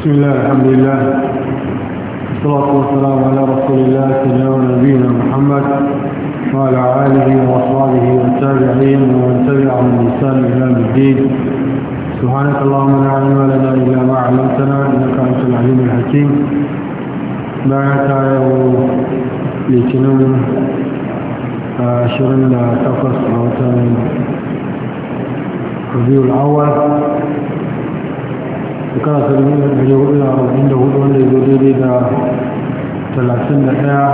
بسم الله الحمد لله والصلاة والسلام على رسول الله سيدنا ونبينا محمد وعلى آله وأصحابه والتابعين ومن تبعهم بإحسان إلى الدين سبحانك اللهم لا علم لنا إلا ما علمتنا إنك أنت العليم الحكيم بعد لتنم شرنا لا تقص أو ربيع الأول shekara ta dubu da ɗari hudu da arba'in da hudu wanda ya zo daidai da talatin da ɗaya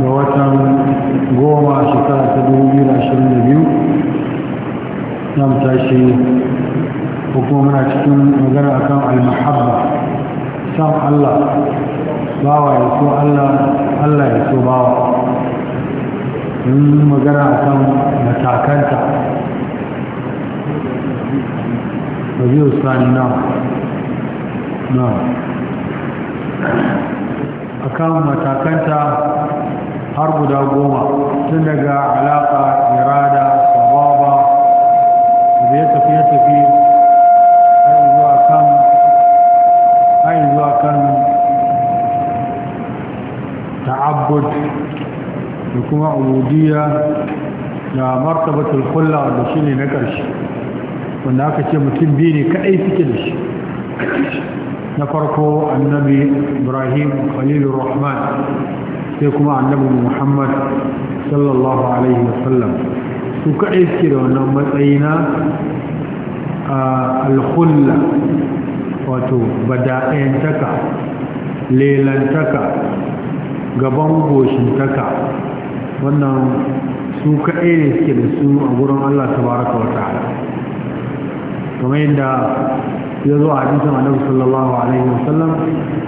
ga watan goma shekara ta dubu biyu da ashirin da biyu na mutashi ko kuma muna cikin magana kan almahabba san allah bawa ya so allah allah ya so bawa in magana kan matakanta ربيع الثاني نعم نعم akan matakanta har guda goma tun daga alaƙa irada sababa da ya tafiye tafi har zuwa kan ta'abbud da kuma ubudiyya da martabatul kulla da ne na ƙarshe wanda aka ce mutum biyu ne kaɗai suke da shi na farko annabi ibrahim khalilur rahman sai kuma annabi muhammad sallallahu alaihi wasallam su kaɗai suke da wannan matsayi na alhulla wato bada'ayantaka lelantaka gaban goshintaka wannan su kaɗai ne suke da su a gurin allah tabaraka wa ta'ala kamar yadda ya zo a hadisin annabi sallallahu alaihi wasallam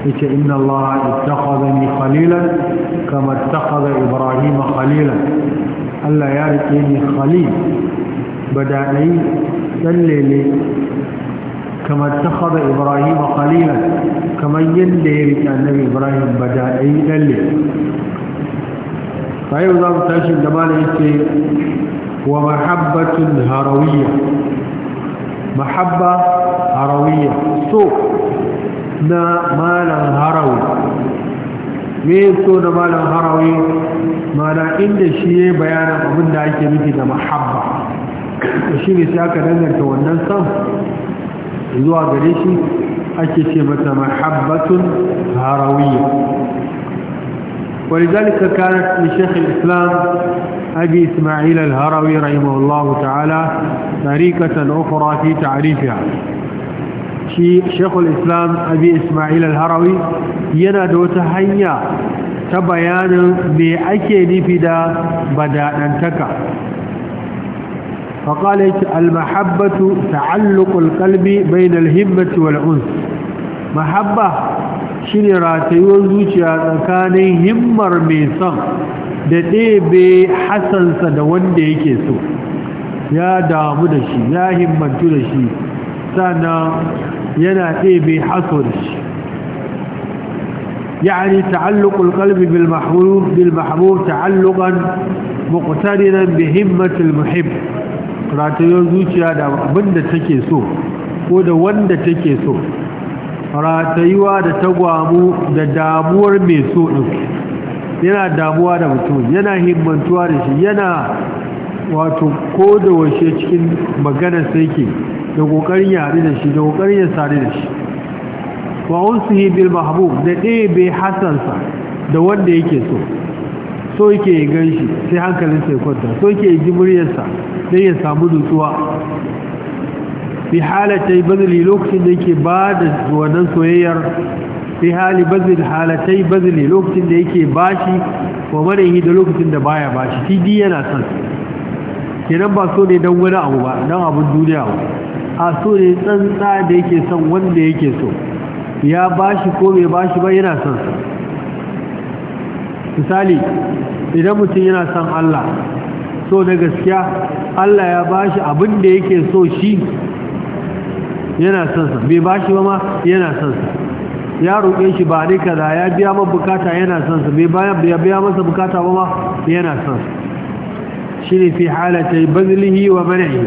yace inna Allah ittakhadhani khalilan kama ittakhadha Ibrahim khalilan Allah ya rike ni khalil badai dallele كما اتخذ إبراهيم قليلا كما يندهر النبي إبراهيم بدائي للي فأيضا تأشي الدمال ومحبة هروية mahabba harawiyya so na malam harawi me so na malam harawi mana inda shi ya bayanin abin da ake nufi da mahabba shi ne sai aka danganta wannan sam zuwa gare shi ake ce mata mahabbatun harawiyya ولذلك كانت لشيخ الإسلام أبي إسماعيل الهروي رحمه الله تعالى طريقة أخرى في تعريفها شيخ الإسلام أبي إسماعيل الهروي ينادو تحيا تبيان من أكي نفدا بدا ننتكى فقال المحبة تعلق القلب بين الهمة والأنس محبة شنرات يوزوشي كان همر من صنع da ɗebe hasansa da wanda yake so ya damu da shi ya himmantu da shi sannan yana ɗebe haso da shi يعني ƙalbi القلب بالمحبوب بالمحبوب تعلقا مقترنا بهمة المحب ratayar zuciya da abinda take so ko da wanda take so ratayuwa da tagwamu da damuwar mai so ɗin yana damuwa da mutum yana himmantuwa da shi yana wato ko da washe cikin magana sai ke da kokarin ya da shi da kokarin ya sare da shi wa unsihi bil mahbub da ɗebe hasansa da wanda yake so so yake ganshi shi sai hankalinsa ya kwanta so yake ji muryarsa don ya samu dutsuwa bi halatai bazali lokacin da yake ba da wannan soyayyar fi hali bazil halatai bazili lokacin da yake bashi wa marayi da lokacin da baya bashi shi di yana son kenan ba so ne don wani abu ba don abin duniya a so ne tsantsa da yake son wanda yake so ya bashi ko bai bashi ba yana son sa misali idan mutum yana son Allah so na gaskiya Allah ya bashi abin da yake so shi yana son sa bai bashi ba ma yana son sa ya roƙe shi ba ne kaza ya biya man bukata yana son sa bai ya biya masa bukata ba yana son sa shine fi halatai bazlihi wa man'i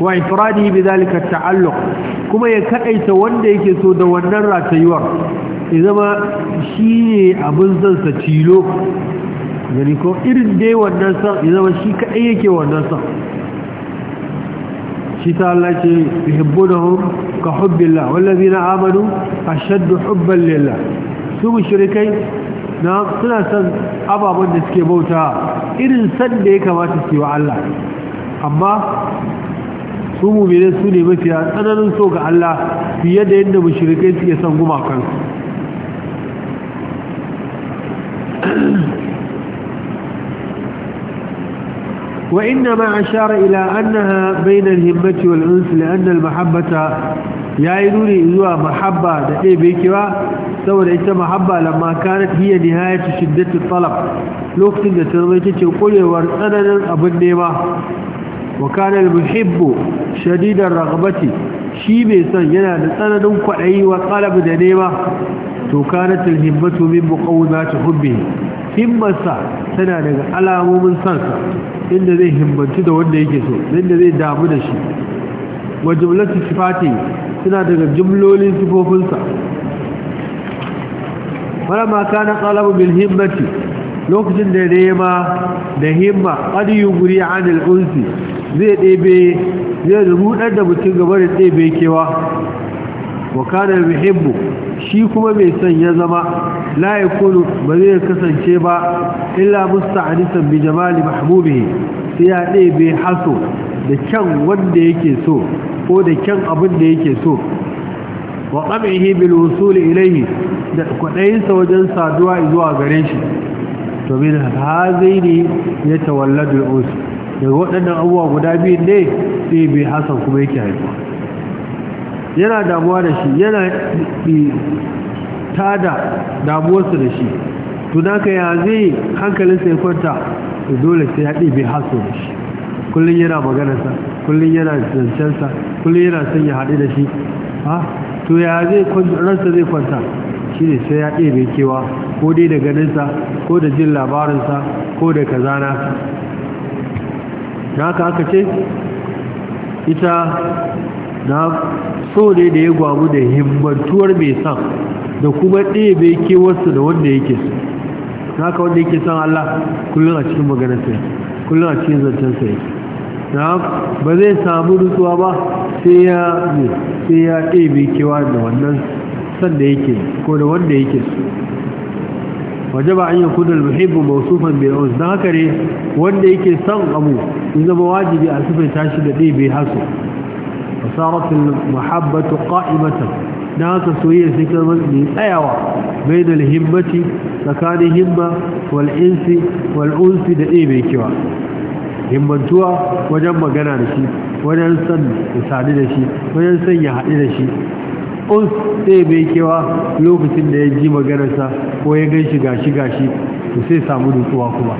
wa ifradihi bidhalika ta'alluq kuma ya kadaita wanda yake so da wannan ratayuwar ya zama shine abin son sa tilo gani ko irin dai wannan son ya zama shi kadai yake wannan son shi ta Allah ce yuhibbunahum ka hubbillah wallazina amanu ashaddu hubban lillah su mushrikai na suna san ababen da suke bauta irin sanda ya kamata su wa Allah amma su mu'minin su ne mafi tsananin so ga Allah fiye da yadda mushrikai suke son gumakansu وإنما أشار إلى أنها بين الهمة والأنس لأن المحبة يعيدوني إذوها محبة دقيق بيكوا سوى لإنت محبة لما كانت هي نهاية شدة الطلب لوقت ترميتك وقل ورسننا أبنيما وكان المحب شديد الرغبة شيبي سينا لسنة ننقعي وطلب دنيما تو كانت الهمة من مقومات حبه himmarsa tana daga alamomin sansa inda zai himmanci da wanda yake so inda zai damu da shi wa jumlatu sifati suna daga jimlolin sifofinsa wala ma kana talabu bil himmati lokacin da nema da himma qad guri an al unsi zai ɗebe zai rudar da mutum gaba da ɗebe kewa wa kana yuhibbu shi kuma mai son ya zama la Kulu ba zai kasance ba illa musta'anisan bi jamali mahbubi sai ya ɗebe haso da kyan wanda yake so ko da kyan abin da yake so wa qam'ihi bil wusul ilayhi da kwadayinsa wajen saduwa zuwa gare shi to ne hazaini yatawalladu al-us da waɗannan abubuwa guda biyu ne sai bai hasan kuma yake haifa yana damuwa da shi yana tada damuwarsa da shi tunaka ya zai hankalinsa ya kwanta dole sai ya ɗebe haso da shi kullum yana maganarsa kullum yana zancensa kullum yana son ya haɗu da shi ha to ya zai ransa zai kwanta shi ne sai ya ɗebe kewa ko dai da ganinsa ko da jin labarinsa ko da kazana na haka aka ce ita na so ne da ya gwamu da himmantuwar mai san da kuma ɗebe kewarsu da wanda yake su na ka wanda yake san Allah kullum a cikin maganarsa yake kullum a cikin zancensa yake na ba zai samu nutsuwa ba sai ya ne sai ya ɗebe kewa da wannan san da yake ko da wanda yake su waje ba an yi kudin muhimmin mausufan bai wasu don haka ne wanda yake son abu zama wajibi a sufai tashi da ɗebe haso فصارت المحبة قائمة ناس سوية سكرة من أيوة بين الهمة فكان همة والإنس والأنس دائما كوا همة توا وجمع جنا نشي وننسن يساعد نشي وننسن يحد نشي أنس دائما كوا لوك سنة يجي مجنسة ويجي شغاشي غاشي وسيسا مدو توا كما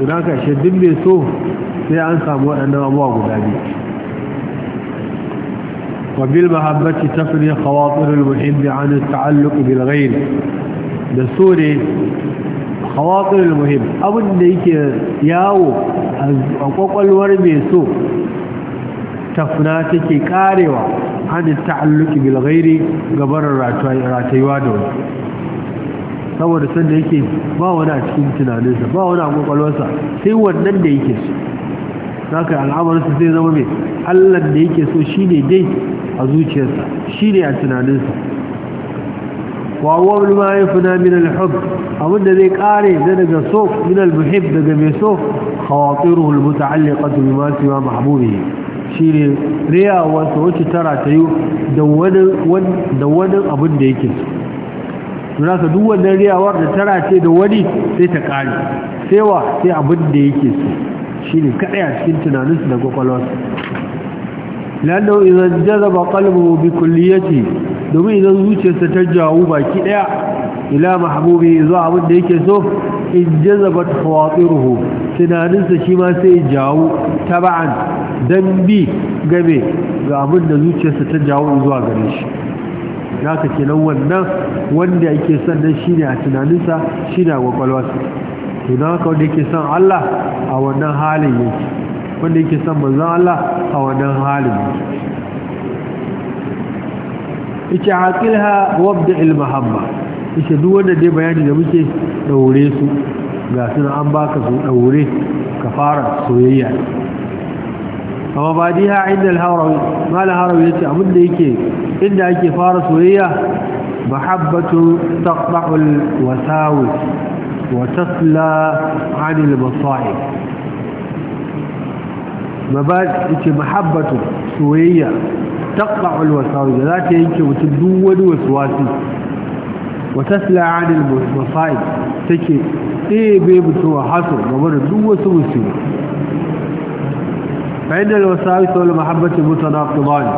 هناك شدن بيسوه sai an samu waɗannan abuwa وبالمحبة تفري خواطر المحب عن التعلق بالغير da so ne khawatirin muhim abin da yake yawo a kwakwalwar mai so tafna take karewa hannun ta'alluki bilgairi gabarar ratayuwa da wani saboda sanda yake ba wani a cikin tunaninsa ba wani a kwakwalwarsa sai wannan da yake so za ka al'amarsa zai zama mai da yake so shi ne dai a zuciyarsa shi ne a tunaninsa wawon wani ma ya fina min alhub abinda zai kare da daga so min almuhib daga mai so khawatiruhu almuta'alliqatu masu siwa mahabubi shi ne riya wasu wacce tara ta yi da wani abin da yake so suna ka duk wannan riyawar da tara ce da wani sai ta kare sai wa sai abin da yake so shi ne kaɗaya a cikin tunaninsu da kwakwalwarsu lalo idan jazaba qalbuhu bi kulliyati domin idan zuciyarsa ta jawo baki daya ila mahbubi zuwa abin da yake so in jazabat khawatiruhu tunaninsa shi ma sai jawo taba'an dan bi game ga abin da zuciyarsa ta jawo zuwa gare shi naka kenan wannan wanda yake son shi ne a tunaninsa shine a kwakwalwarsa to don haka wanda yake son Allah a wannan halin yake wanda yake san manzon Allah a wannan halin yace haqilha wabda al mahabba yace duk wanda dai bayani da muke daure su ga su an baka su daure ka fara soyayya amma ba diha inda al-harawi mal yace abin da yake inda ake fara soyayya mahabbatu taqba'u al wa tasla 'an al mabadi yake mahabbatu soyayya taqta'ul wasawi za ta yanke mutum duk wani waswasi wa tasla 'anil masa'ib take ɗebe mutum a haso game da duk wasu musulmi fa'in alwasawi sau mahabbatu mutana qidani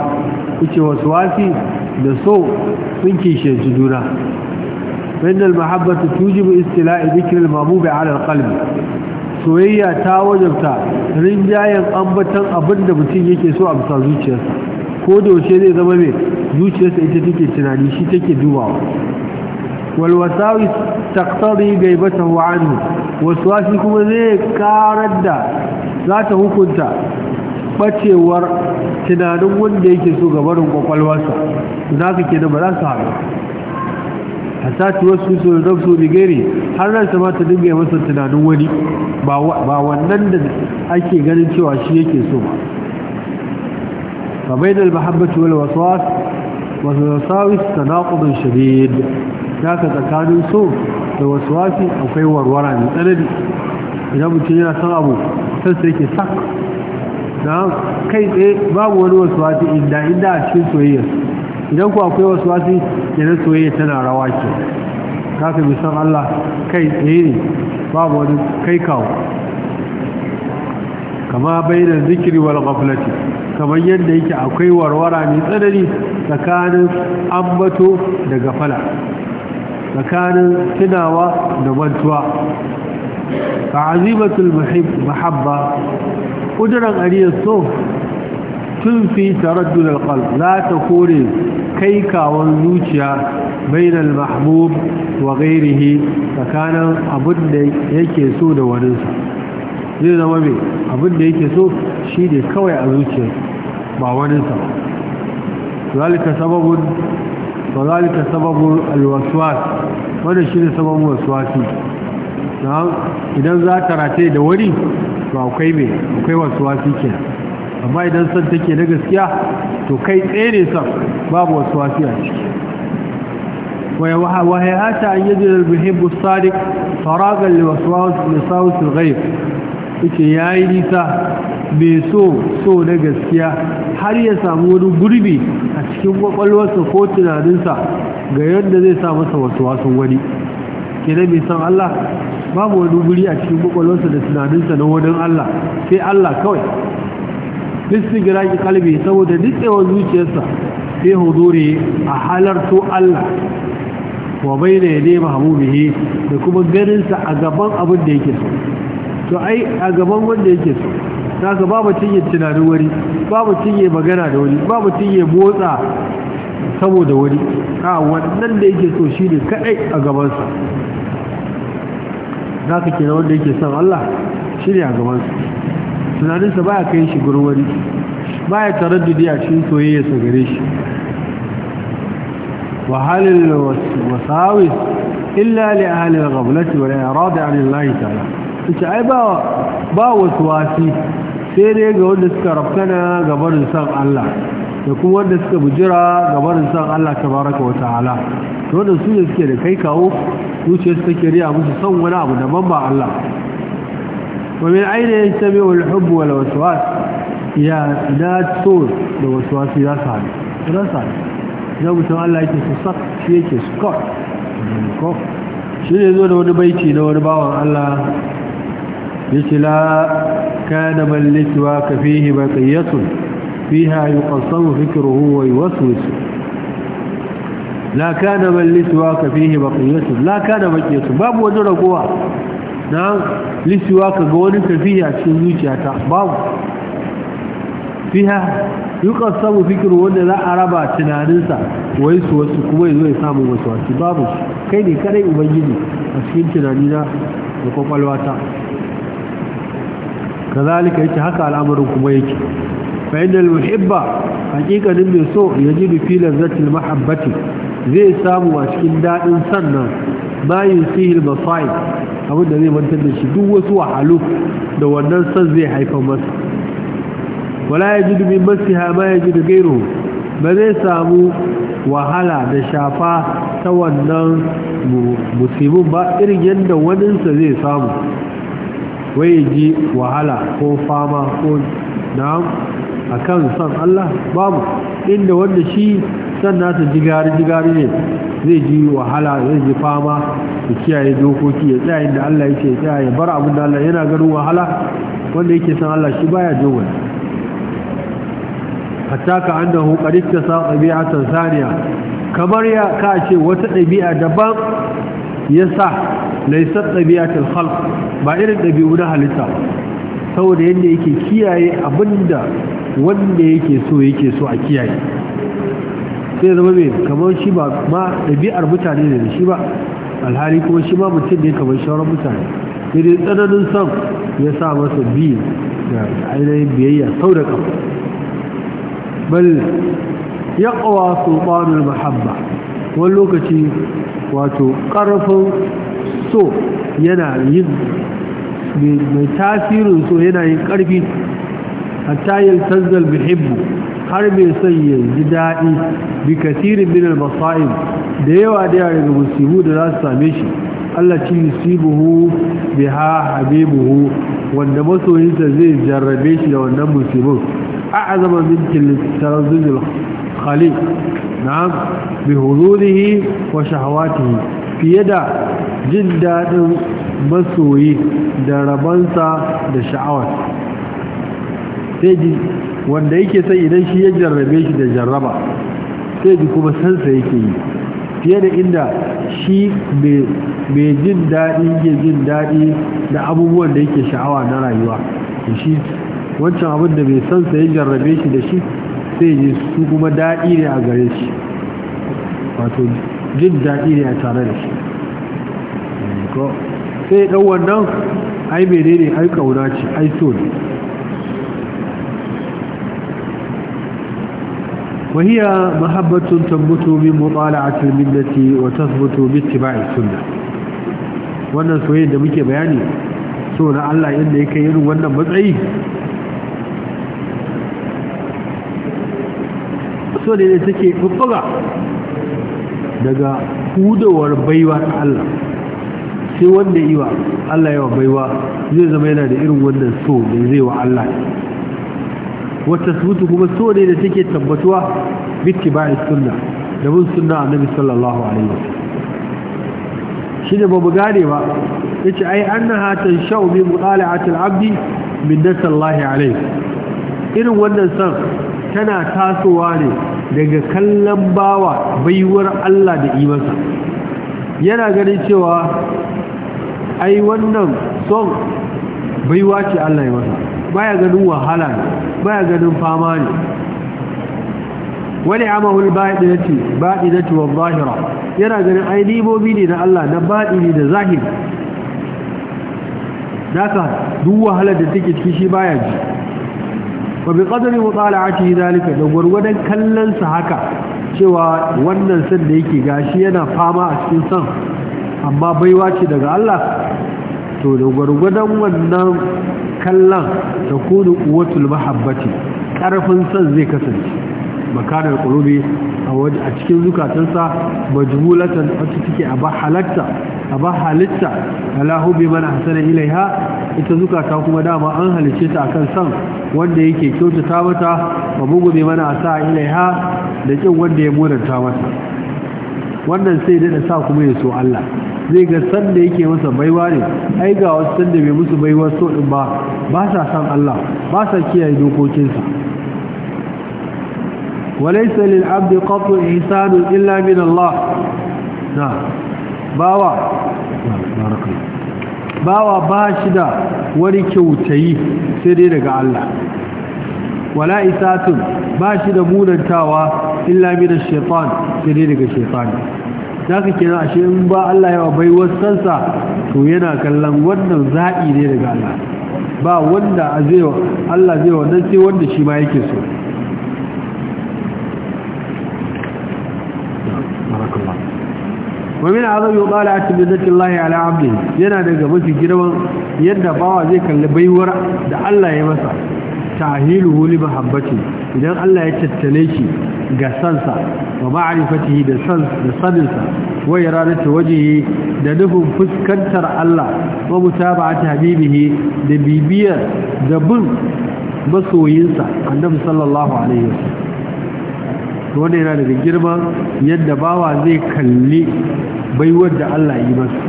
yake waswasi da so sun kishe juna فإن المحبة توجب استلاء ذكر المغموب على القلب soyayya ta wajabta rinjayen ambatan abin da mutum yake so a bisa zuciyarsa ko da yaushe zai zama mai zuciyarsa ita take tunani shi take dubawa walwasawi taqtadi gaibatahu anhu waswasi kuma zai karar da za ta hukunta bacewar tunanin wanda yake so gabarin kwakwalwarsa za ka kenan ba za su haɗu hatta sati wasu su nafsu bi gairi har nan ma ta dinga masa tunanin wani ba wannan da ake ganin cewa shi yake so ba fa bainal mahabbati wal waswas wa wasawis tanaqud ya haka tsakanin so da wasu akwai warwara mai tsanani idan mutum yana son abu sai sai yake sak na kai tsaye babu wani wasu inda inda a cikin soyayya idan ku akwai wasu wasu kenan soyayya tana rawa ke ka fi san Allah kai tsaye ne babu wani kai kawo kama da zikiri wal ghaflati kamar yadda yake akwai warwara mai tsanani tsakanin ambato da gafala tsakanin tunawa da mantuwa ka azimatul mahabba kudurar ariyar so tun fi taraddudar kwal za ta kore kai kawon zuciya bainal mahbub wa gairihi tsakanin abin da yake so da waninsa zai zama mai abin da yake so shi ne kawai a zuciya ba waninsa zalika sababun ba zalika sababun alwaswas wanda shi ne sababun waswasi idan za ta rataye da wani to akwai mai akwai waswasi kenan amma idan san take na gaskiya to kai tsere sa babu wasu an wafiya وهيهات أن يجد المحب الصادق فراغا لوسواس لصوت الغيب yake ya yi nisa bai so so na gaskiya har ya samu wani gurbi a cikin kwakwalwarsa ko tunaninsa ga yadda zai sa masa wasu wasan wani kenan bai san Allah babu wani guri a cikin kwakwalwarsa da tunaninsa na wani Allah sai Allah kawai lissi ki kalbi saboda nitsewar zuciyarsa fi huduri a halartu Allah wa bai da yade mahabubihi da kuma ganinsa a gaban abin da yake so to ai a gaban wanda yake so ta ga babu cinye tunanin wani babu cinye magana da wani babu cinye motsa saboda wani a wannan da yake so shi ne kaɗai a gabansa za ka kira wanda yake son Allah a gaban sa tunanin sa baya kai shi gurin wani baya taraddudi a cikin soyayya sa gare shi وهل الوساوس إلا لأهل الغفلة والإعراض عن الله تعالى إنت أي باوس واسي سيري قول لسك ربنا قبر لساق الله يكون ود لسك بجرى قبر لساق الله تبارك وتعالى ود سوء لسك لكي كأوف وش يستكري أبو سونا أبو نمبع الله ومن أين يجتمع الحب والوسواس يا ذات صور لوسواس لا صالح لا صالح zagutan Allah yake su sak shi yake scott shi ne zo da wani baiti na wani bawan Allah ya ce la kana mallituwa ka fihi baqiyatun fiha yuqassamu fikruhu wa yuwaswisu la kana mallituwa ka fihi baqiyatun la kana baqiyatun babu wani ragowa na lituwa ka ga wani tafiya cikin zuciya ta babu fiha Dukan samu fikir wanda za a raba tunaninsa wai su wasu kuma yanzu ya samu wasu wasu babu kai ne kadai ubangiji a cikin tunanina da kwakwalwata kazalika yake haka al'amarin kuma yake Fainal inda al-muhibba haqiqatan mai so yajidu fi zartin mahabbati zai samu a cikin daɗin sannan ma yusihi al abinda abin da zai mantar da shi duk wasu wahalu da wannan san zai haifar masa wala ya ji min masiha ma ya ji da gairu ba zai samu wahala da shafa ta wannan musibin ba irin yadda waninsa zai samu wai ji wahala ko fama ko na'am a kan son Allah babu inda wanda shi san nasa jigari-jigari ne zai ji wahala zai ji fama ya kiyaye dokoki ya tsaya inda Allah ya ce ya tsaya ya bar abin da Allah yana ganin wahala wanda yake san Allah shi baya dogon hatta ka annahu qad sa tabi'atan tanzania kamar ya ka ce wata ɗabi'a daban yasa laisar tabi'atul khalq ba irin ɗabi'u na halitta saboda yadda yake kiyaye abinda wanda yake so yake so a kiyaye sai zama mai kamar shi ba ma ɗabi'ar mutane ne shi ba alhali kuma shi ma mutum ne kamar shauran mutane sai tsananin son ya sa masa biyu da ainihin biyayya sau da kafa bal yaƙawa sultanul mahabba wani lokaci wato ƙarfin so mai tasirin so yana yin ƙarfi hatta yin tanzal bihibbu har mai son ya ji daɗi bi kasirin min al da yawa da yawa daga musibu da za su same shi Allah ci yusibuhu biha habibuhu wanda masoyinsa zai jarrabe shi da wannan musibin أعظم من تردد الخليق نعم بهذوله وشهواته في يد da مسوي دربانسا دشعوات سيجي wanda yake sai idan shi ya jarrabe shi da jarraba sai kuma sansa yake yi fiye da inda shi mai jin daɗi ke jin daɗi da abubuwan da yake sha'awa na rayuwa shi wancan abin da bai san sa ya jarrabe shi da shi sai yi su kuma daɗi ne a gare shi wato jin daɗi ne a tare da shi sai ɗan wannan ai dai ne ai ƙauna ce ai so ne وهي محبة تنبت بمطالعة الملة وتثبت باتباع السنة wannan soyayyen da muke bayani so na Allah yadda yake yin wannan matsayi da ne suke bubbuga daga hudowar baiwa ta Allah sai wanda yi wa Allah yawa baiwa zai zama yana da irin wannan so da zai wa Allah wata sutu kuma so ne da take tabbatuwa bitki bayan sunna da bin sunna nabi sallallahu alaihi wasallam shi ne babu gane ba ce ai shau tanshau bi mutala'ati al-abdi min nasallahi alaihi irin wannan san tana tasowa ne daga kallon bawa baiwar Allah da imansa yana ganin cewa ai wannan son baiwa ce Allah ya masa baya ganin wahala ne baya ganin fama ne wani amahul baɗinati baɗinati wa zahira yana ganin ai nimomi ne na Allah na baɗi ne da zahiri naka duk wahalar da take ciki shi baya ji Wa bi qadri mutala'ati zalika da gurgurdan kallonsa sa haka cewa wannan san da yake gashi yana fama a cikin san amma baiwa ce daga Allah to da gurgurdan wannan kallon da kunu quwwatul mahabbati karfin san zai kasance makarar qulubi a cikin zukatansa majbulatan wacce take a bahalatta a bahalitta ala hubi man ahsana ilaiha ita zukata kuma dama an halice ta akan san wanda yake kyautata mata wa bugude mana sa ilaiha da kin wanda ya muranta mata wannan sai da sa kuma ya so Allah zai ga san da yake masa baiwa ne ai ga wasu san da bai musu baiwa so din ba ba sa san Allah ba sa kiyaye dokokinsa وليس للعبد قط إحسان إلا من الله نعم باوا بارك الله باوا باشدا wani kyautayi sai dai daga Allah wala isatun bashi da munantawa illa min الشيطان ذاك sai dai daga shaytani zaka kira ashe in ba Allah yawa bai wasansa to yana kallon wannan za'i ne daga Allah ba wanda azewa Allah zai wannan sai wanda shi ma yake so wa min azab yuqala atbizatillahi ala abdi yana daga mafi girman yadda bawa zai kalli baiwar da Allah ya masa tahiluhu li mahabbati idan Allah ya tattale shi ga sansa wa ma'rifatihi da sans da saninsa wa iradatu wajhihi da nufin fuskantar Allah wa mutaba'ati habibihi da bibiyar da bin masoyinsa annabi sallallahu alaihi wasallam to yana daga girman yadda bawa zai kalli baiwar da Allah yi masu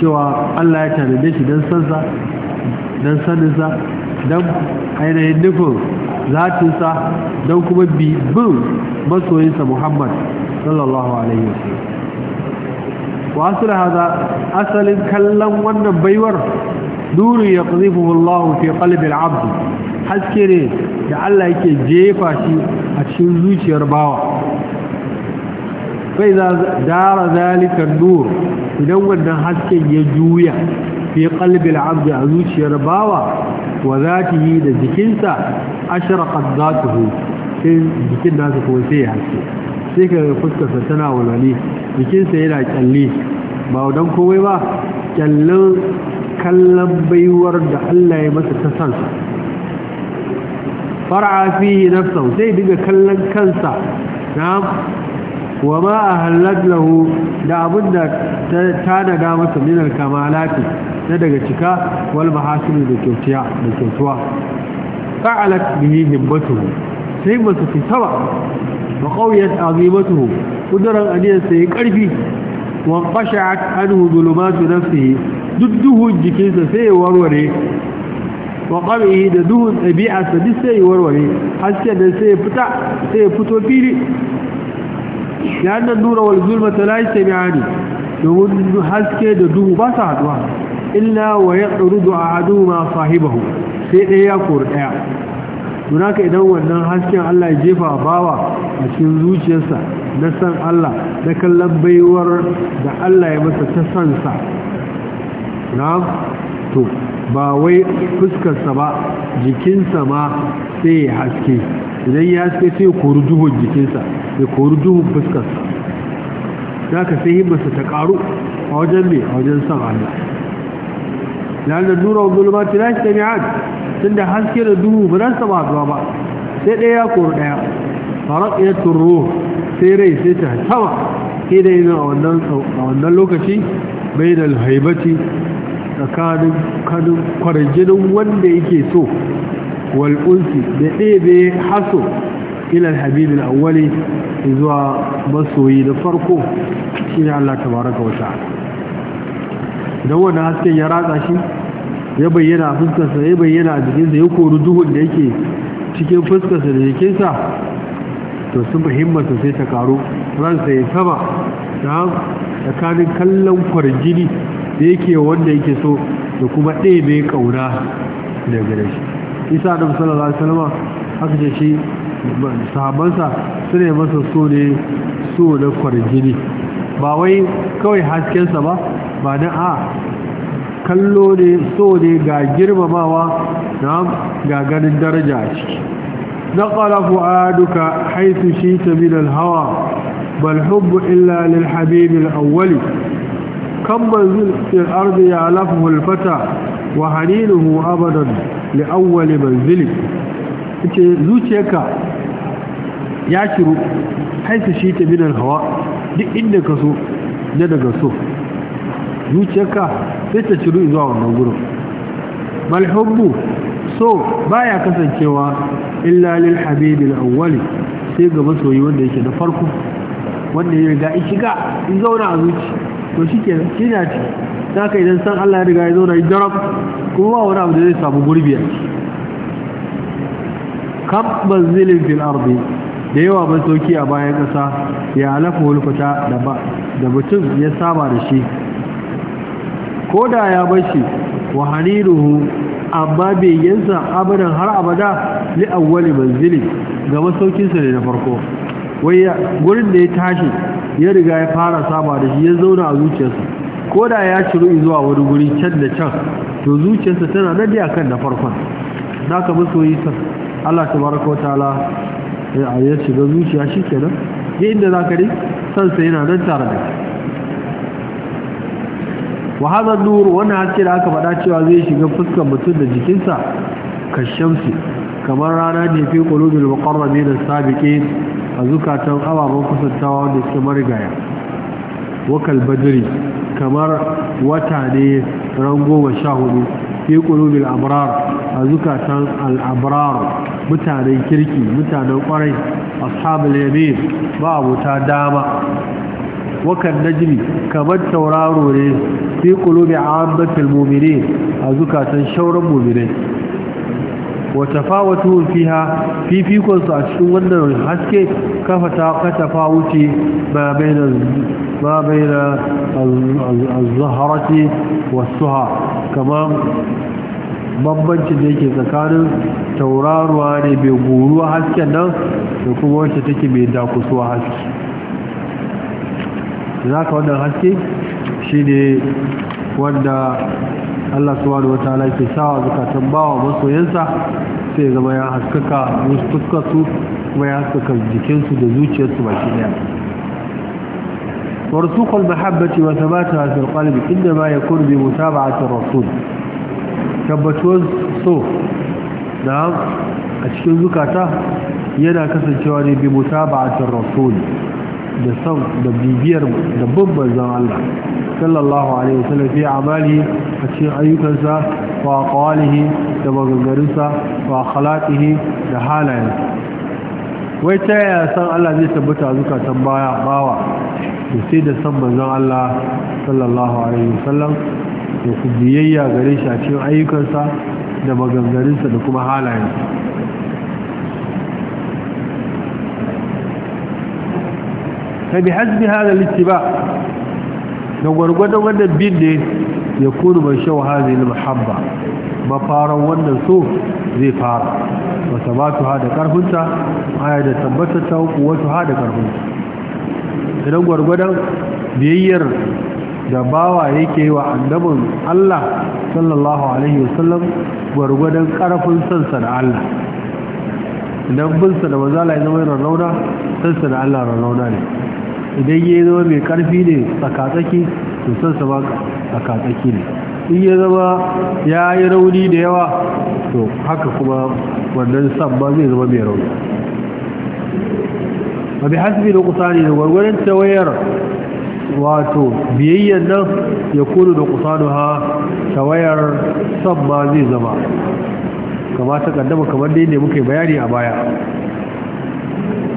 cewa Allah ya tanade shi don sansa don saninsa don ainihin nufin zatinsa don kuma bibin masoyinsa muhammad sallallahu alaihi wasu da haza asalin kallon wannan baiwar nuru ya ƙazifuhu Allah fi qalbil abdu haske ne da Allah yake jefa shi a cikin zuciyar bawa bai za dara zalika nur idan wannan hasken ya juya fi qalbil abdi a zuciyar bawa wa zatihi da jikinsa ashraqat zatuhu sai jikin nasa kuma sai ya haske sai ka fuskarsa tana walwale jikinsa yana kyalle ba wadan komai ba kyallin kallon baiwar da Allah ya masa ta sansa far'a fihi nafsahu zai diga kallon kansa na'am wa ma ahallat lahu da abinda ta daga masa min al-kamalati na daga cika wal mahasin da kyautiya da kyautuwa fa'alat bihi himmatuhu sai masu fitaba wa qawiyat azimatuhu kudaran aniyar sai karfi wa qasha'at anhu zulumatu nafsihi dudduhu jikinsa sai warware wa da duhun ɗabi'a sa duk sai warware haske da sai ya fita fito fili ya annan nura wal zulma ta la yastami'ani domin haske da duhu ba sa haduwa illa wa yaqrudu ahaduhuma sahibahu sai ɗaya ya kori ɗaya don haka idan wannan hasken Allah ya jefa a bawa a cikin zuciyarsa na san Allah na kallan baiwar da Allah ya masa ta sansa na'am to ba wai fuskarsa ba jikinsa ma sai ya haske idan ya haske sai ya kori duhun jikinsa sai kori duhun fuskarsa za ka sai himmarsa ta karu a wajen mai a wajen san Allah lalata nura wa gulmati na shi ta mi'ad tun da haske da duhu ba za su ba ba sai ɗaya ya kori ɗaya farak ya turo sai rai sai ta sama idan a wannan lokaci bai da haibati tsakanin kwarjinin wanda yake so wal'unsi da ɗebe haso ilal habibin awwali zuwa masoyi da farko shi ne Allah tabaraka wa ta'ala don wanda hasken ya ratsa shi ya bayyana a fuskarsa ya bayyana a jikinsa ya kori duhun da yake cikin fuskarsa da jikinsa to sun muhimmansa sai ta karu ransa ya sama da tsakanin kallon kwarjini da yake wanda yake so da kuma ɗebe ƙauna daga gare shi isa da musallar salama haka ce shi sahabansa ne masa so ne so na kwarjini ba wai kawai haskensa ba ba na a ah, kallo ne so ne ga girmamawa na ga ganin daraja a ciki na ƙarafu a duka haisu shi ta minal hawa balhubu illa lil habibin awwali مكبل في الأرض يعلفه الفتى وحنينه أبدا لأول منزله zuciyarka ya shiru haisu shi ta minar hawa duk inda ka so na daga so zuciyarka sai ta shiru zuwa wannan gurin malhubbu so baya kasancewa illa lil habibil awwali sai ga masoyi wanda yake na farko wanda ya riga in in zauna a zuci to shi ke shi ne za ka idan san Allah ya riga ya zaura na yi jarab kuma ba wani abu da zai samu gurbiya. a kam bazilin fil ardi da yawa ban soki a bayan ƙasa ya alafa hulkuta da mutum ya saba da shi ko da ya bar shi, wa haniruhu amma yansa abadan har abada li awwali manzili ga masaukinsa ne na farko wai gurin da ya tashi ya riga ya fara saba da shi ya zauna a zuciyarsa ko da ya shiru zuwa wani guri can da can to zuciyarsa tana nan dai akan da farkon za ka musu yi sa Allah tabaraka wa ta'ala ya shiga zuciya shi kenan ya inda za ka dai sai yana nan tare da wa hada nur wannan haske da aka faɗa cewa zai shiga fuskar mutum da jikinsa kashamsi kamar rana ne fi qulubil muqarrabin sabiqin a zukatan ababen kusantawa wanda suke marigaya wakal badiri kamar wata ne ran goma sha hudu fi qulubil abrar a zukatan al'abrar mutanen kirki mutanen kwarai ashabul yamin ba abuta dama wakan najmi kamar tauraro ne fi qulubi ammatil mu'minin a zukatan shauran mu'minai wa tafawatu fiha fifikon a cikin wannan haske kafa ta katafa wuce ba baina ma baina az-zahrati suha kamar bambancin da yake tsakanin tauraruwa ne mai guruwa hasken nan da kuma wacce take mai dakusuwa haske za ka wannan haske shi ne wanda Allah subhanahu wataala ke sawa zakatan bawa masoyansa sai zama ya haskaka su kuma ya haskaka jikinsu da zuciyarsu baki daya ورسوخ المحبة وثباتها في القلب إنما يكون بمتابعة الرسول tabbatuwar so da a cikin zukata yana kasancewa ne bi mutaba'atir rasul da son da bibiyar da babban zan Allah sallallahu alaihi wasallam fi amali a cikin ayyukansa wa qawalihi da maganganunsa wa akhlaqihi da halayensa wai ta yaya san Allah zai tabbata zukatan baya bawa to sai da san manzon Allah sallallahu alaihi wasallam da ku biyayya gare shi a cikin ayyukansa da maganganunsa da kuma halayensa fa bi hasbi hadha al da gwargwadon wannan bin ne ya kuru mai shau hazin muhabba mafaran wannan so zai fara wata ba tu haɗa ƙarfinta aya da tabbatar ta wata haɗa ƙarfinta idan gwargwadon biyayyar da bawa yake yi wa annabin Allah sallallahu alaihi wasallam gwargwadon ƙarfin sansa da Allah idan binsa da mazala ya zama yana rauna sansa da Allah rarrauna ne idan ya zama mai karfi ne tsakatsaki to son sa ba tsakatsaki ne in ya zama ya yi rauni da yawa to haka kuma wannan san ba zai zama mai rauni a bi hasbi da kusani da gwargwarin tawayar wato biyayyar nan ya kudu da kusanu ha tawayar san ma zai zama kamata ta kaddama kamar dai ne muka bayani a baya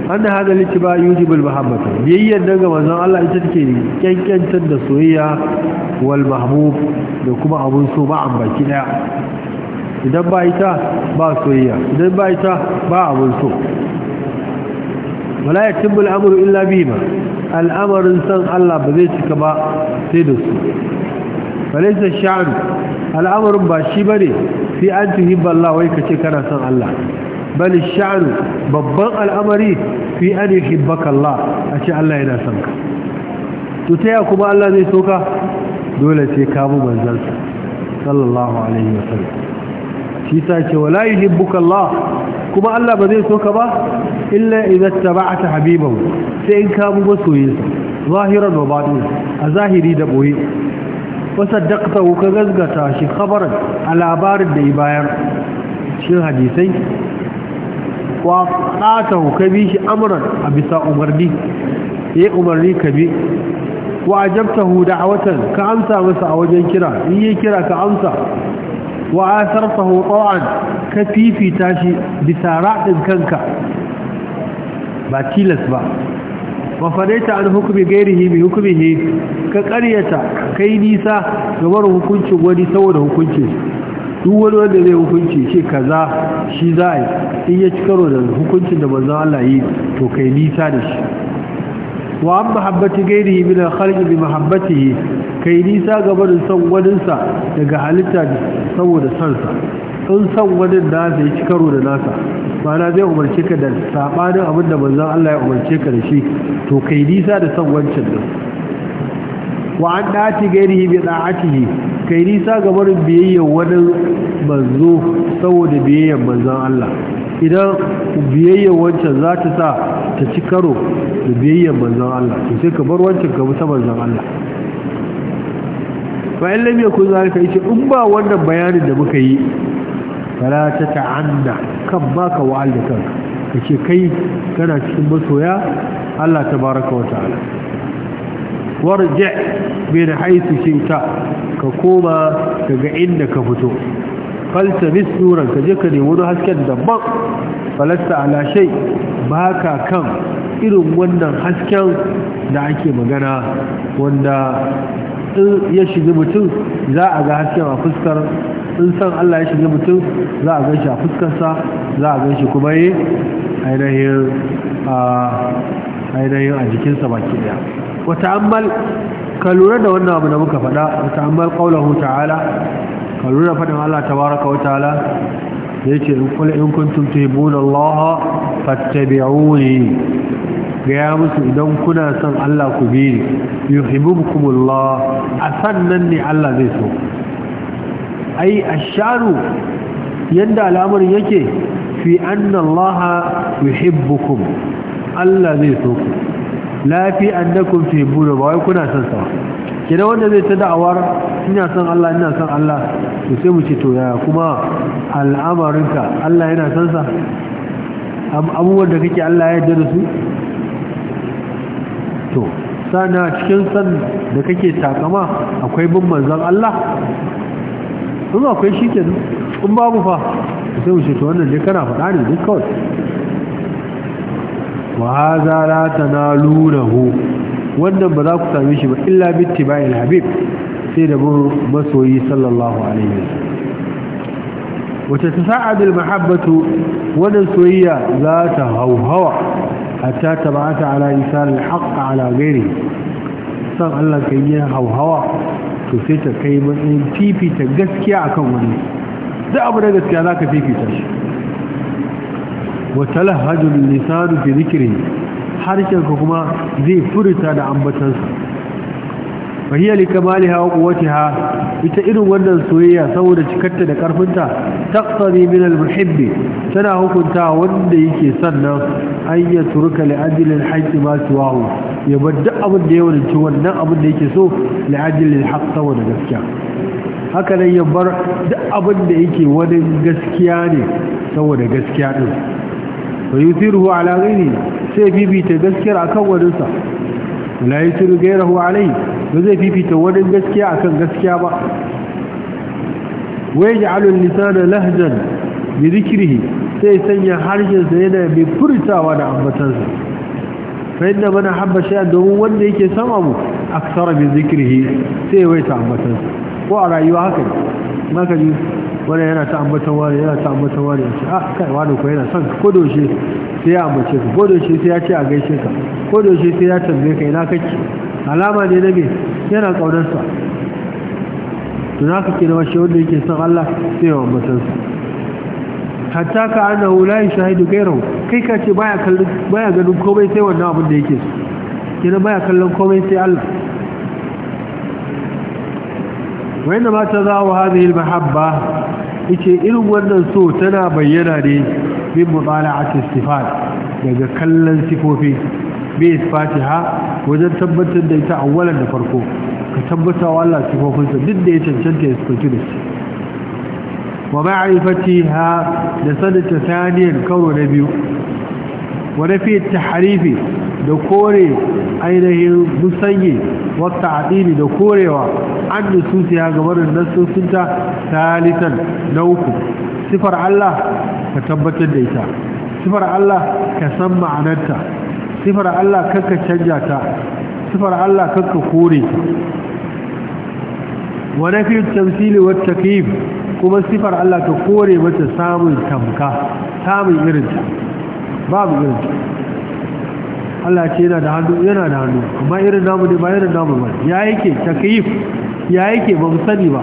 an da hada liki ba yuji bil mahabbata biyayyar daga manzon Allah ita take kyankyantar da soyayya wal mahbub da kuma abun so ba an baki daya idan ba ita ba soyayya idan ba ita ba abun so wala yatimbul amru illa bima al'amarin san Allah ba zai cika ba sai da su falaisa sha'anu al'amarin ba shi bane sai an tuhibba Allah wai kace kana san Allah bal sha'anu babban al'amari fi an yuhibbaka Allah a ce Allah yana son ka to ta ya kuma Allah zai soka dole sai ka bi manzansa sallallahu alaihi wa sallam shi ta ce wala yuhibbuka Allah kuma Allah ba zai soka ba illa idza tabata habibahu sai in ka bi masoyinsa zahiran wa batin a zahiri da boye wasaddaqtahu ka gazgata shi khabaran a labarin da ibayar shi hadisai wa tsatahu ka bi shi amran a bisa umarni ya yi umarni ka bi wa da watan ka amsa masa a wajen kira in yi kira ka amsa wa hu taw'an ka fifita shi bisa raɗin kanka ba tilas ba wa fadaita an hukumi gairihi hukumi hukumihi ka ƙaryata yi nisa gabar hukuncin wani saboda hukuncin duk wani wanda zai hukunci ce kaza shi za a yi in ya ci karo da hukuncin da manzan Allah yi to kai nisa da shi wa an mahabbati gairi min al-khalqi bi mahabbatihi kai nisa gaba da son wadinsa daga halitta saboda sa in san wadin da zai ci karo da nasa mana zai umarce ka da sabanin abin da manzan Allah ya umarce ka da shi to kai nisa da son wancan din wa an dati gairi bi da'atihi kai nisa ga barin biyayyar wani manzo saboda biyayyar manzan Allah idan biyayyar wancan za ta sa ta ci karo da biyayyar manzan Allah to sai ka bar wancan ka ta manzan Allah fa in lam yakun zalika yace in ba wannan bayanin da muka yi fala ta ta'anna kan baka wa'al da kanka kace kai kana cikin masoya Allah tabaraka wa ta'ala warje bin haisu shinta ka koma daga inda ka fito falta nuran ka je ka nemi wani hasken daban falasta ala shai ba ka kan irin wannan hasken da ake magana wanda in ya shiga mutum za a ga hasken a fuskar in san Allah ya shiga mutum za a ganshi a fuskarsa za a ganshi kuma yi eh, ah, ainihin a jikinsa baki daya wata'ammal ka lura da wannan abu da muka faɗa wata'ammal qaulahu ta'ala ka lura faɗin Allah tabaraka wa ta'ala da yace in qul in kuntum tuhibuna Allah fattabi'uni gaya musu idan kuna son Allah ku bi ni yuhibbukumullah a sannan ne Allah zai so ai asharu yanda al'amarin yake fi anna Allah yuhibbukum Allah zai so ku la fi buru ba wai kuna son sa kira wanda zai ta da'awar ina son Allah ina son Allah to sai mu ce to ya kuma al'amarinka Allah yana son sa abubuwan da kake Allah ya yarda da su to sana cikin san da kake takama akwai bin manzon Allah in akwai shi kenan in babu fa sai mu ce to wannan dai kana faɗa ne duk kawai wa haza la tanalunahu wannan ba za ku same shi ba illa bi tibail habib sai da bin masoyi sallallahu alaihi wasallam wata tasa'ad al-mahabbatu wannan soyayya za ta hauhawa hatta tabata ala insan al-haqq ala ghairi san Allah kai yin hauhawa to sai ta kai matsayin fifita gaskiya akan wani duk abu da gaskiya zaka fifita shi wa talahhajul lisanu bi dhikri harshen kuma zai furta da ambatansa fa hiya li kamaliha ha, ita irin wannan soyayya saboda cikarta da karfinta taqtadi min al tana hukunta wanda yake sannan an yi turka li ajli masu wahu, ya bar duk abin da ya ci wannan abin da yake so li ajli saboda gaskiya haka nan ya bar duk abin da yake wani gaskiya ne saboda gaskiya ɗin. wa yuthiruhu ala ghairi sai bibita gaskiyar akan wadansa la yuthiru ghairahu alai ba zai fifita wani gaskiya akan gaskiya ba wa yaj'alu lisana lahjan bi dhikrihi sai sanya harshen sa yana bi furtawa da ambatansa fa inna man habba domin wanda yake son abu aksara bi dhikrihi sai waita ambatansa ko a rayuwa haka ne maka ji wani yana ta ambatan wari yana ta ambatan wari ya ce ah kai wani ko yana son ko sai ya ambace ka ko sai ya ce a gaishe ka ko sai ya tambaye ka ina kake alama ne na me yana kaunarsa to haka ke da washe wanda yake son Allah sai ya ambatan sa hatta ka annahu la yashahidu ghayrahu kai ka ce baya ganin komai sai wannan abin da yake so kina baya kallon komai sai Allah wanda ma ta zawo hadhihi almahabba yace irin wannan so tana bayyana ne min mutala'ati sifat daga kallon sifofi bi isfatiha wajen tabbatar da ita awwalan da farko ka tabbata wa Allah sifofinsa duk da ya cancanta ya sifofi da shi wa da na biyu wa nafi da kore ainihin musanye wa ta'dili da korewa an nususi ya gabarin nasosinta talitan na uku sifar Allah ka tabbatar da ita sifar Allah ka san ma'anarta sifar Allah kan ka canja ta sifar Allah kan ka kore ta wa nafi tamsili wa takyif kuma sifar Allah ka kore mata samun tamka samun irin ta. babu irinta Allah ce yana da hannu yana da hannu amma irin namu ne ba irin namu ba ya yake takyif ya yake ba mu sani ba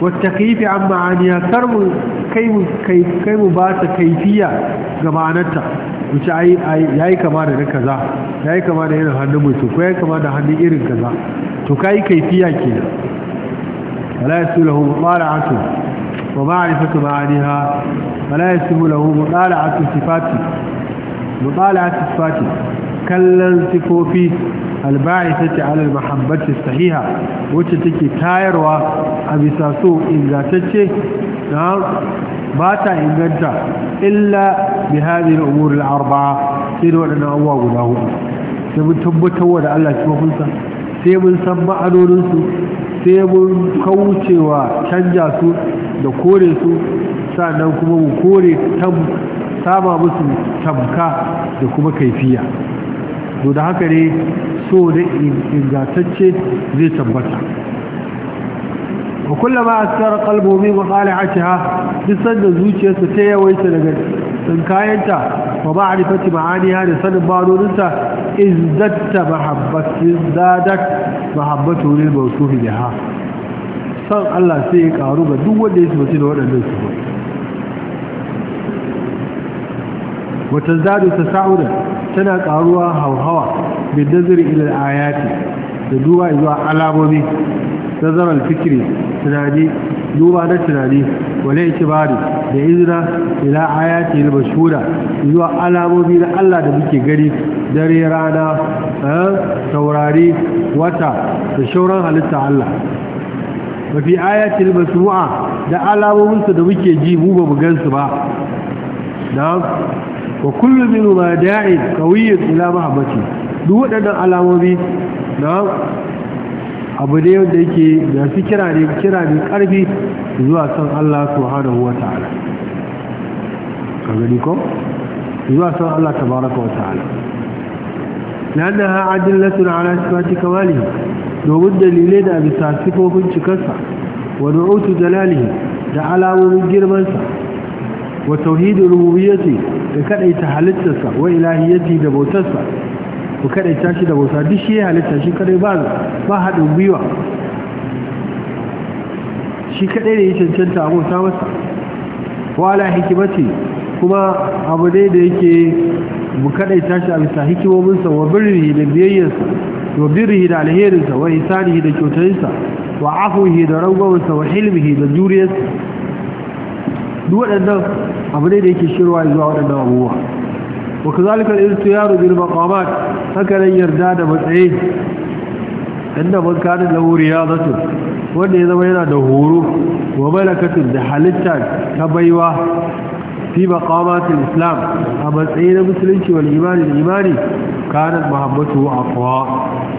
wata kaifi an ma'aniya kar mu kai mu ba ta kaifiya ga ma'anarta wuce ya yi kama da na kaza ya yi kama da irin hannun mutum ko ya kama da hannun irin kaza to ka yi kaifiya ke wala ya su lahu mara atu wa ma'arifatu ma'aniha wala ya su lahu mara atu sifati mara atu sifati kallon sifofi alba'isati alal mahabbati sahiha wacce take tayarwa a bisa so ingantacce na ba ta inganta illa bi hadhihi al-umur al-arba'a sai da wadannan abubuwa guda hudu sai mun tabbatar da Allah sifofinsa sai mun san ma'anoninsu sai mun kaucewa canja su da kore su sannan kuma mu kore tam saba musu tamka da kuma kaifiya to da haka ne so da ingantacce zai tabbata a kullama asara qalbu bi masalihatiha duk sanda zuciyarsa ta yawaita daga tsinkayenta wa ma'rifati ma'aniha da sanin ma'anoninta izdatta mahabbati zadat ba su mawsufi san Allah sai ya karu ga duk wanda ya tabbata da waɗannan ba. wata zadu ta sa'uda tana karuwa hauhawa da dazir ilal ayati da duba zuwa alamomi nazarar fikiri tunani duba na tunani wale itibari da izina ila ayati al-mashhura zuwa alamomi na Allah da muke gani dare rana saurari eh, wata da shauran halitta Allah mafi ayati ayatul masmu'a da alamominsu da muke ji mu ba mu gansu ba wa kullu min ma da'in qawiyyin ila mahabbati duk waɗannan alamomi na abu ne wanda yake da su kira ne kira ne karfi zuwa san Allah subhanahu wa ta'ala ka gani ko zuwa san Allah tabaraka wa ta'ala لأنها عدلة على إثبات كماله domin dalilai da bisa sifofin cikarsa wa nu'utu jalalihi da alamomin girmansa wa tauhidin rububiyyati ya kadaita halittarsa wa ilahiyyati da bautarsa ku kadaita shi da bauta duk shi ya halitta shi kadai ba ba haɗin gwiwa shi kadai da ya cancanta a bauta masa wa ala hikimati kuma abu dai da yake mu kadaita shi a bisa hikimominsa wa birrihi da biyayyarsa wa birrihi da alherinsa wa ihsanihi da kyautarinsa wa afuhi da rangwamansa wa hilmihi da juriyarsa duk waɗannan abu ne da yake shirwa zuwa waɗannan abubuwa wa kazalika al-istiyaru bil maqamat haka nan yarda da matsayi inda man kana lahu riyadatu wanda ya zama yana da horo wa malakatun da halitta ta baiwa fi maqamatil islam a matsayi na musulunci wal imani da imani kana mahabbatu aqwa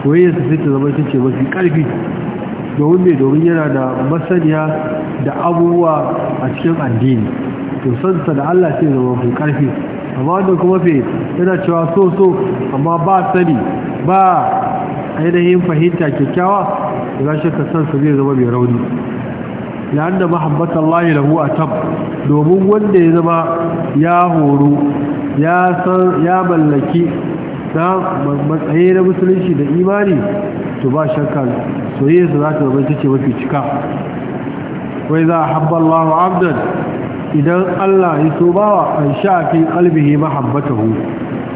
wai sai ta zama ce mafi karfi domin mai domin yana da masaniya da abubuwa a cikin addini to sansa da Allah sai zama mai karfi amma wanda kuma fe yana cewa so so amma ba sani ba ainihin fahimta kyakkyawa da za shi su zai zama mai rauni la'anda mahabbatan Allah lahu atab domin wanda ya zama ya horo ya san ya mallaki na matsayi na musulunci da imani to ba shakka soyayya su za ta zama ta ce mafi cika wai za a habba Allahu abdan idan Allah ya so bawa an sha fi qalbihi mahabbatahu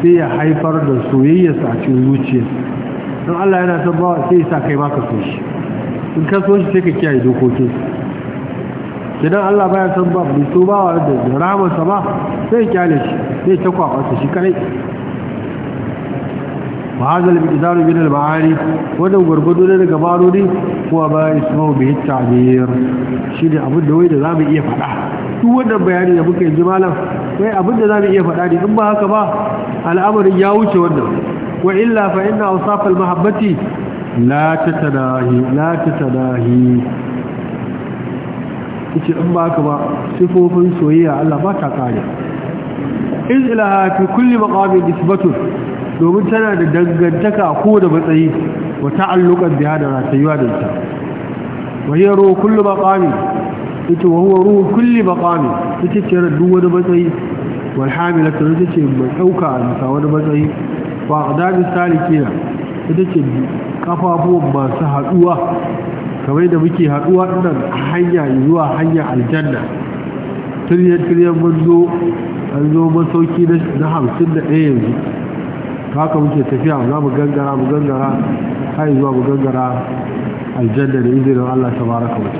sai ya haifar da soyayyarsa a cikin zuciya. don Allah yana son bawa sai ya sa kai ma ka so shi in ka so shi sai ka kiyaye dokokin. idan Allah baya son ba bai so bawa da ramarsa ba sai ya kyale shi sai ta kwakwasa shi kadai وهذا المقدار من المعاني ولو غرغدو daga barori kuwa ba ismu bi ta'bir shine abin da wai da zamu iya faɗa duk wannan bayani da muka yi malam wai abin da zamu iya faɗa ne in ba haka ba al'amarin ya wuce wannan wa illa fa inna ba ka ba sifofin soyayya Allah ba ta kare iz ilaha fi kulli maqami nisbatun domin tana da dangantaka ko da matsayi wa ta'alluqan biha da ratayuwa da ita wa hiya ruhu kullu maqami ita wa huwa ruhu kulli maqami ita ce duk wani matsayi wal hamilatu ita ce mai dauka a bisa wani matsayi fa aqdami salikina ita ce kafafuwan masu haduwa kamar da muke haduwa nan hanya zuwa hanya aljanna tiriyar-tiriyar mun zo an zo masauki na hamsin da ɗaya yanzu haka muke tafiya za mu gangara mu gangara har zuwa mu gangara aljanna da izinin Allah tabaraka wa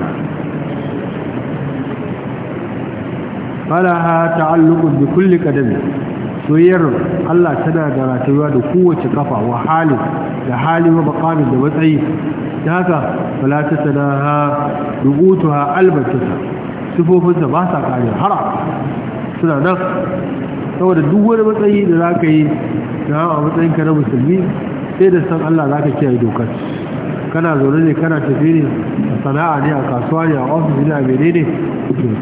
ta'ala ha ta'alluqun bi kulli qadam soyayyar Allah tana da ratayuwa da kowace kafa wa halin da hali wa baqamin da matsayi haka fala ta ha rubutuha albatata ta ba sa kare har suna nan saboda duk wani matsayi da za ka yi ta a matsayin na musulmi sai da san Allah za ka kiyaye dokar kana zaune ne kana tafi ne a sana'a ne a kasuwa ne a ofis ne a mene ne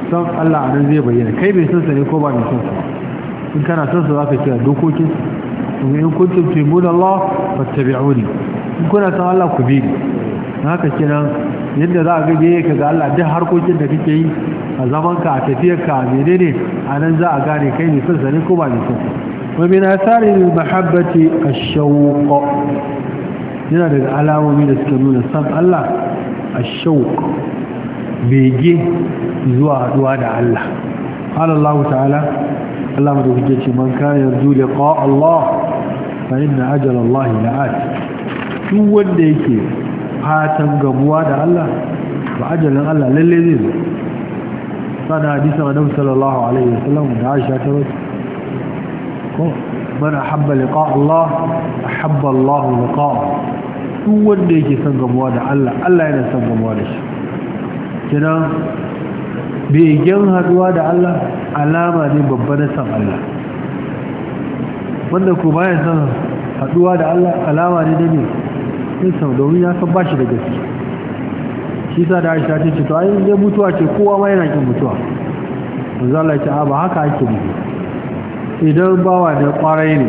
san Allah a nan zai bayyana kai mai sansa ne ko ba mai sansa in kana sansa za ka kiyaye dokokin kuma in kuntum tuhibbuna Allah fattabi'uni in kuna san Allah ku bi ni haka kenan yadda za a gaje ka ga Allah duk harkokin da kake yi a zamanka a tafiyarka a menene a nan za a gane kai mai sansa ne ko ba mai sansa ومن آثار المحبة الشوق yana daga alamomi da suke nuna san Allah a shauk bege zuwa haɗuwa da Allah قال الله تعالى الله مدوكيتي من كان يرجو لقاء الله فإن أجل الله لآت شو wanda yake fatan gamuwa da Allah ba ajalin Allah lalle zai zo sana hadisin Annabi sallallahu alaihi da ta ko man ahabba liqa Allah ahabba Allah liqa duk wanda yake son gamuwa da Allah Allah yana son gamuwa da shi kina begen haduwa da Allah alama ne babba san Allah wanda ko baya son haduwa da Allah alama ne da ne sai sau domin ya san bashi da gaske shi sa da Aisha ta ce to mutuwa ce kowa ma yana kin mutuwa manzo ba haka ake nufi idan bawa da kwarai ne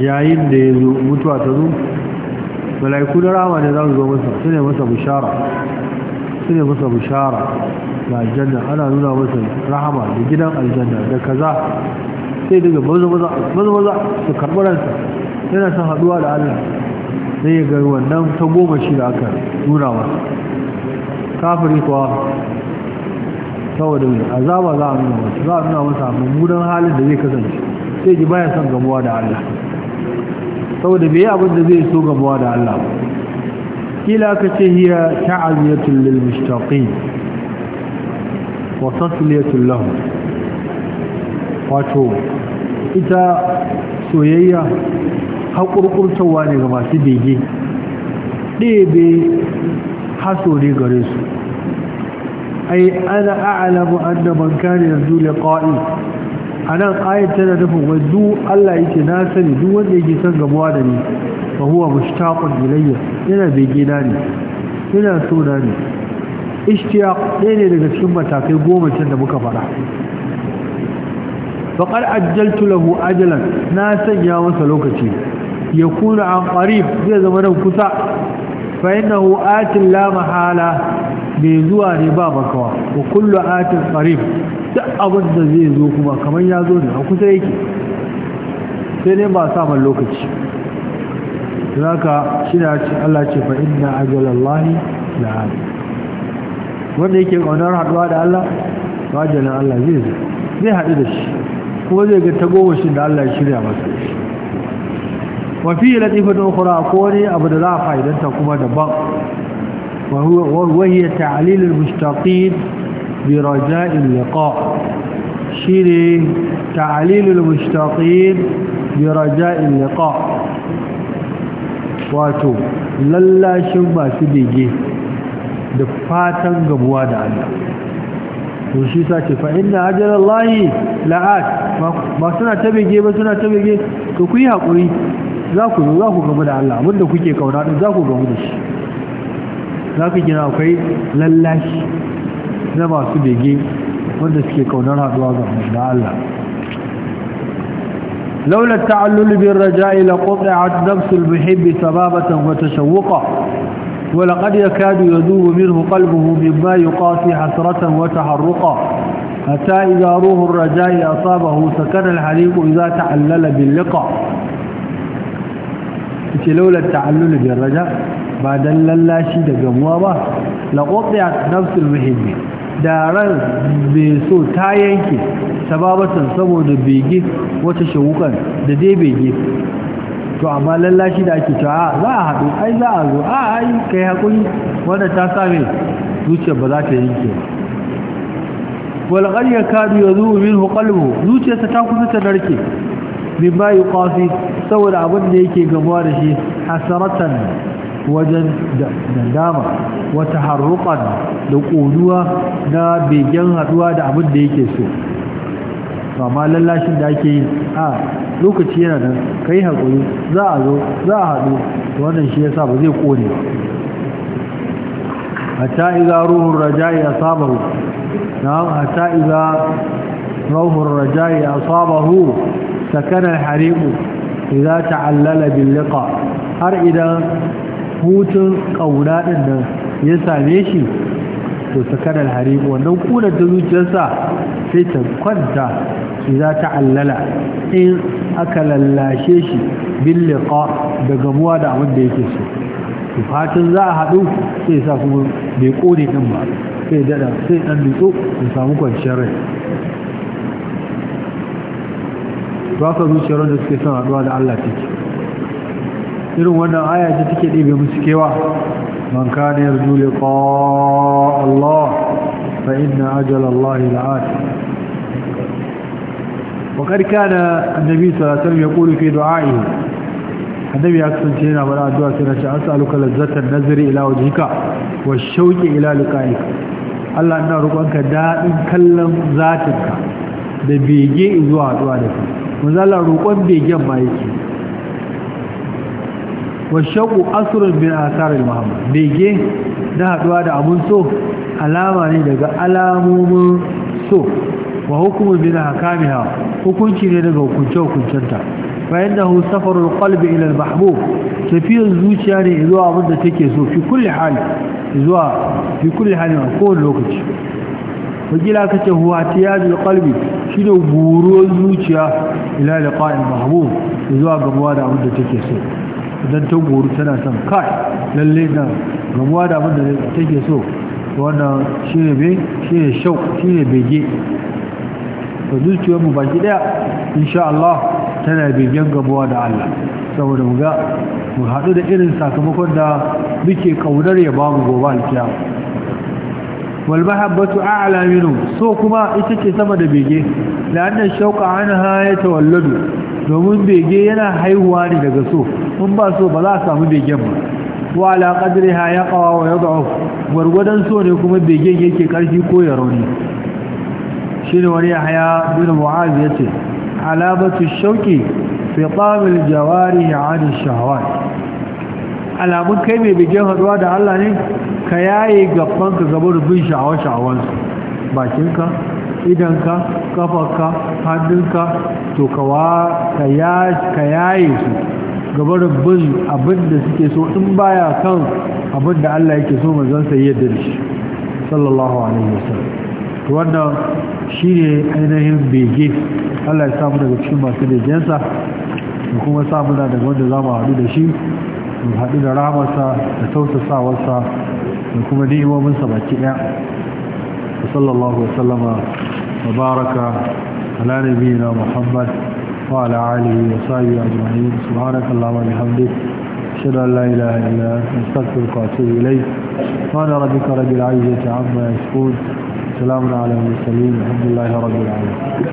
yayin da ya zo mutuwa ta zo mala'iku da rama ne za su zo masa su ne masa bishara su ne masa bishara da aljanna ana nuna masa rahama da gidan aljanna da kaza sai daga maza-maza su karɓi ransa yana son haɗuwa da allah sai ya ga wannan ta goma shi da aka nuna masa kafiri kuwa saboda azaba za a nuna masa za a nuna masa mummunan halin da zai kasance sai ji baya son gamuwa da Allah saboda bai abin da zai so gamuwa da Allah kila ka ce hiya ta'aziyatul lil mushtaqin wa tasliyatul lahum wato ita soyayya haƙurƙurtawa ne ga masu bege ɗebe haso ne gare su ai ana a'lamu anna man kana yarju liqa'i anan ayat tana nufin wa du Allah yake na sani duk wanda yake son gamuwa da ni fa huwa mushtaqun ilayya yana bege na ne yana so na ne ishtiyaq ɗaya ne daga cikin matakai goma can da muka faɗa Baƙar ajjaltu lahu ajalan na sanya masa lokaci ya kuna an ƙarib zai zama nan kusa fa innahu atin la mahala bai zuwa ne ba bakawa ko kullu atin qarib duk abin da zai zo kuma kamar ya zo ne a kusa yake sai ne ba samun lokaci zaka shi da Allah ce fa inna ajalallahi la'ad wanda yake kaunar haduwa da Allah wajalin Allah zai zo zai haɗu da shi kuma zai ga tagomashin da Allah ya shirya masa wa fi latifatun ukhra ko ne abu da za a fa'idanta kuma daban وهو وهي تعليل المستقيم برجاء اللقاء شيري تعليل المستقيم برجاء اللقاء واتو للا شن با سيدي da fatan gabuwa da Allah. To shi sace fa inna ajalallahi la'at. Ba suna ta bige ba suna ta bige. To ku hakuri. Za ku zo da Allah. Abin da kuke kauna din za ku gabu da shi. za ka lallashi na bege wanda suke kaunar haduwa ga da Allah لولا التعلل بالرجاء لقطعت نفس المحب سبابة وتشوقا ولقد يكاد يذوب منه قلبه مما يقاسي حسرة وتحرقا حتى إذا روح الرجاء أصابه سكن الحريق إذا تعلل باللقاء لولا التعلل بالرجاء ba dan lallashi da gamuwa ba la qati'at nafsul muhimmi da ran bai so ta yanke sababatan saboda bege wata shawukan da dai bege to amma lallashi da ake cewa za a haɗu ai za a zo a ai kai hakuri wanda ta sami zuciyar ba za ta yanke wal qad yakadu yazu minhu qalbu zuciyarsa ta kusa ta narke bi ba yuqasi saboda abin da yake gamuwa da shi hasaratan wajen dandama wata harruƙan da ƙoruwa na begen haɗuwa da abin da yake so amma lallashin da ake yi a lokaci yana nan kai haƙuri za a zo za a haɗu wannan shi yasa ba zai ƙone hatta iza ruhun raja'i a sabahu ruhun raja'i a sabahu sakanar harimu idan ta'allala bin liqa har idan hutun ƙauna ɗin nan ya same shi to kada alhari wannan ƙunar ta zuciyarsa sai ta kwanta za ta allala in aka lallashe shi bin liƙa da gamuwa da abin da yake so fatan za a haɗu sai sa kuma bai ƙone ɗin ba sai daɗa sai ɗan dutso in samu kwanciyar rai ba ka zuciyar wanda suke son haɗuwa da allah take irin wannan aya ce take ɗebe musu kewa man kana yarju liqa Allah fa inna ajal Allah la'at wa kad kana annabi sallallahu alaihi wasallam yaqulu fi du'a'ihi annabi ya kasance yana bada addu'a sai na ce as'aluka lazzatan nazri ila wajhika wa shauqi ila liqa'ika Allah ina roƙonka daɗin kallon zatinka da bege zuwa haɗuwa da kai manzo Allah roƙon begen ma yake wa shaƙu asirin bin asarar muhammad bege na haɗuwa da abun so alama ne daga alamomin so wa hukumin bin ha hukunci ne daga hukunce-hukuncenta bayan da hu safarar ƙwalbi ilal mahbub tafiyar zuciya ne zuwa abin da take so fi kulle hali zuwa fi kulle hali a kowane lokaci wakila ka ce huwa ta yadda da ƙwalbi shi ne buruwar zuciya ilal ƙa'in mahbub zuwa gabuwa da abin da take so idan ta goru tana son kai lalle na gamuwa da abin da take so wannan shi ne be shi ne shau shi ne bege to zuciyar mu baki daya insha Allah tana begen gamuwa da Allah saboda mu ga mu haɗu da irin sakamakon da muke ƙaunar ya bamu gobe alkiya wal mahabbatu a'la minhu so kuma ita ce sama da bege la'anna shauqa anha yatawalladu domin bege yana haihuwa ne daga so in ba so ba za a samu begen ba wa ala ha ya qawa wa yad'u gwargwadon so ne kuma begen yake karfi ko ya rauni shine wani haya bin mu'az yace alamatu shauki fi jawari ya an shahawat alamun kai mai begen haduwa da Allah ne ka yaye gaban ka gaban rubin sha'awa sha'awansu bakinka idanka kafarka hannunka to kawa ka yaye su gabarin bin abin da suke so in baya kan abin da Allah yake so manzon sa ya da shi sallallahu alaihi wasallam to shi shine ainihin bege Allah ya samu daga cikin masu lejensa da kuma samu daga wanda za mu haɗu da shi mu haɗu da ramarsa da tausasawarsa da kuma ni'imominsa baki ɗaya وصلى الله وسلم وبارك على نبينا محمد وعلى آله وصحبه أجمعين سبحانك اللهم وبحمدك أشهد أن لا إله إلا أنت أستغفرك وأتوب إليك سبحان ربك رب العزة عما يشكون سلام على المرسلين الحمد لله رب العالمين